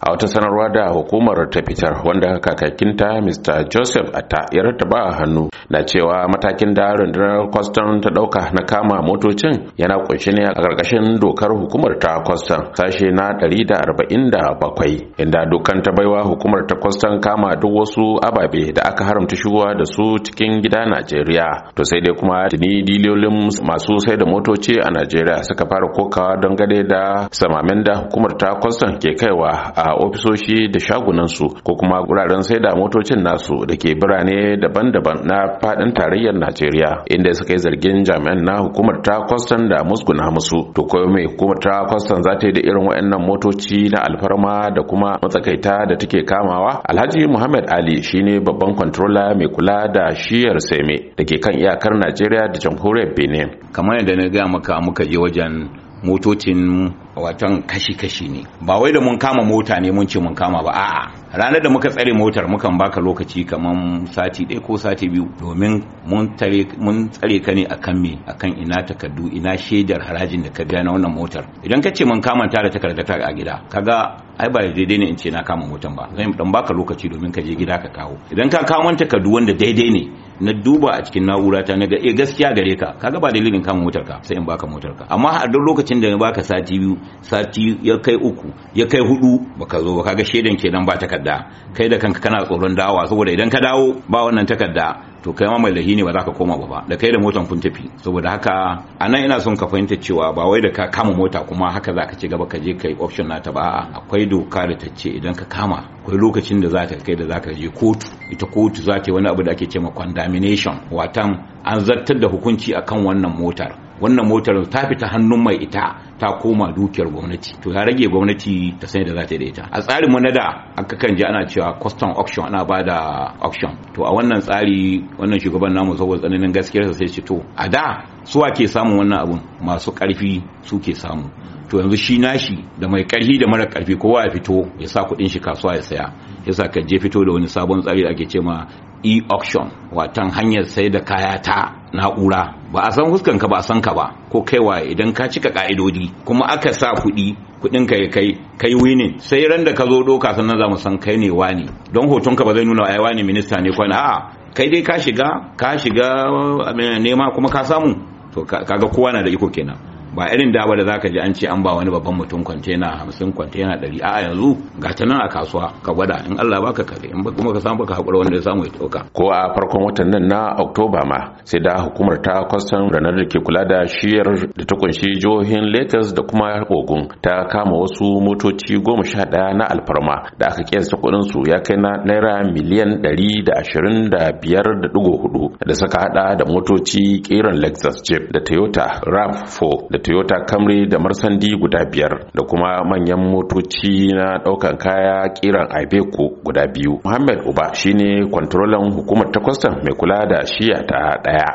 a wata sanarwa da hukumar ta fitar wanda kakakinta mr joseph atta ya rattaba a hannu na cewa matakin da rundunar kwastan ta dauka na kama motocin yana kunshi ne a karkashin dokar hukumar ta kwastam sashe na 147 inda dokan ta baiwa hukumar ta kwastam kama duk wasu ababe da aka haramta shigowa da su cikin gida najeriya to sai dai kuma tuni dilolin masu sai da motoci a najeriya suka fara kokawa don gade da samamen da hukumar ta kwastam ke kaiwa a a ofisoshi da shagunansu ko kuma wuraren sai da motocin nasu da ke birane daban-daban na fadin tarayyar Najeriya inda suka yi zargin jami'an na hukumar ta kwastan da musguna musu to ko mai hukumar ta kwastan za ta yi da irin waɗannan motoci na alfarma da kuma matsakaita da take kamawa Alhaji Muhammad Ali shine babban kwantrola mai kula da shiyar Seme da ke kan iyakar Najeriya da jamhuriyar Benin kamar yadda na gaya maka muka je wajen motocin watan kashi-kashi ne ba wai da mun kama mota ne mun ce mun kama ba a'a ranar da muka tsare motar mukan baka lokaci kamar sati ɗaya ko sati biyu domin mun tsare ka ne akan me akan ina takardu ina shaidar harajin da ka biya na wannan motar idan ka ce mun kama ta da takardar ta a gida kaga ai ba daidai ne in ce na kama motan ba zan dan baka lokaci domin ka je gida ka kawo idan ka kawo takardu wanda daidai ne na duba a cikin na'ura ta naga eh gaskiya gare ka kaga ba dalilin kama motar ka sai in baka motar ka amma a duk lokacin da na baka sati biyu sati ya kai uku ya kai hudu baka zo ba kaga shaidan kenan ba takarda kai da kanka kana tsoron dawa saboda idan ka dawo ba wannan takarda to kai ma mai lahi ne ba za ka koma ba ba da kai da motan kun tafi saboda haka anan ina son ka fahimta cewa ba wai da ka kama mota kuma haka za ka ci gaba ka je kai option ta ba akwai doka da ta ce idan ka kama akwai lokacin da za ta kai da za ka je kotu ita kotu za ta yi wani abu da ake ce ma condemnation watan an zartar da hukunci akan wannan motar wannan motar ta fita hannun mai ita ta koma dukiyar gwamnati to ya rage gwamnati ta sani da za ta yi da ita a tsarin mu na da aka kan ji ana cewa custom auction ana ba da auction to a wannan tsari wannan shugaban namu saboda tsananin gaskiyarsa sai ci to a da su ke samun wannan abun masu karfi su ke samu to yanzu shi nashi da mai karfi da mara karfi kowa ya fito ya sa kuɗin shi kasuwa ya saya yasa kan je fito da wani sabon tsari da ake cewa e-auction watan hanyar sai da kaya ta na'ura ba a san huskanka ba a san ka ba ko kaiwa idan ka cika ka'idodi kuma aka sa kuɗi kuɗin ka kai kai winning sai ran da ka zo doka sannan za mu san kai ne wani don hoton ka ba zai nuna ai wani minista ne ko a'a kai dai ka shiga ka shiga nema kuma ka samu to kaga kowa na da iko kenan ba irin da ba da zaka ji an ce an ba wani babban mutum kwantena hamsin kwantena ɗari a yanzu ga ta nan a kasuwa ka gwada in Allah baka kare in kuma ka samu ka haƙura wanda ya samu ya ɗauka. ko a farkon watan nan na oktoba ma sai da hukumar ta kwastan ranar da ke kula da shiyar da ta kunshi jihohin lagos da kuma ogun ta kama wasu motoci goma sha ɗaya na alfarma da aka kiyasta kuɗin su ya kai na naira miliyan ɗari da ashirin da biyar da ɗigo hudu da suka haɗa da motoci ƙiran lexus jeep da toyota rav 4 da toyota camry da marsandi guda biyar da kuma manyan motoci na daukan kaya kiran ibeco guda biyu muhammad uba shine kwantrolan hukumar ta kwastam mai kula da shiya ta daya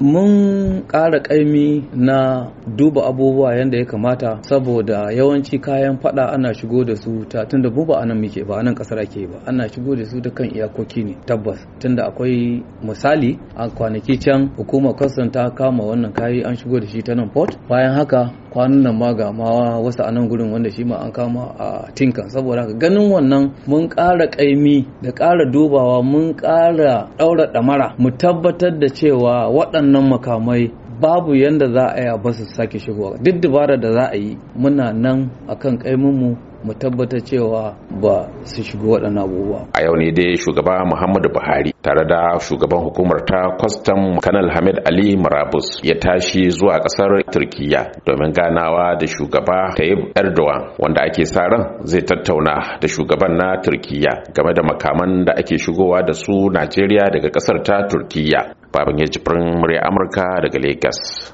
mun ƙara ƙaimi na duba abubuwa yadda ya kamata saboda yawanci kayan fada ana shigo da su ta tunda buba anan muke ba nan kasar ake ba ana shigo da su ta kan iyakoki ne tabbas tunda akwai misali a kwanaki can hukumar kwastam ta kama wannan kayi an shigo da shi ta nan port bayan haka kwanan nan ma ga mawa wasu a nan gurin wanda shi ma an kama a tinkan saboda haka ganin wannan mun ƙara ƙaimi da ƙara dubawa mun ƙara ɗaura ɗamara mu tabbatar da cewa waɗannan makamai babu yanda za a yi a basu sake shigowa duk dubara da za a yi muna nan akan mu mu tabbata cewa ba su shiga waɗannan abubuwa. A yau ne dai shugaba Muhammadu Buhari tare da shugaban hukumar ta kwastam Kanal Hamid Ali Marabus ya tashi zuwa ƙasar Turkiyya domin ganawa da shugaba Tayyip Erdogan wanda ake sa ran zai tattauna da shugaban na Turkiyya game da makaman da ake shigowa da su Najeriya daga ƙasar ta Turkiyya. baban ya jibrin murya Amurka daga Legas.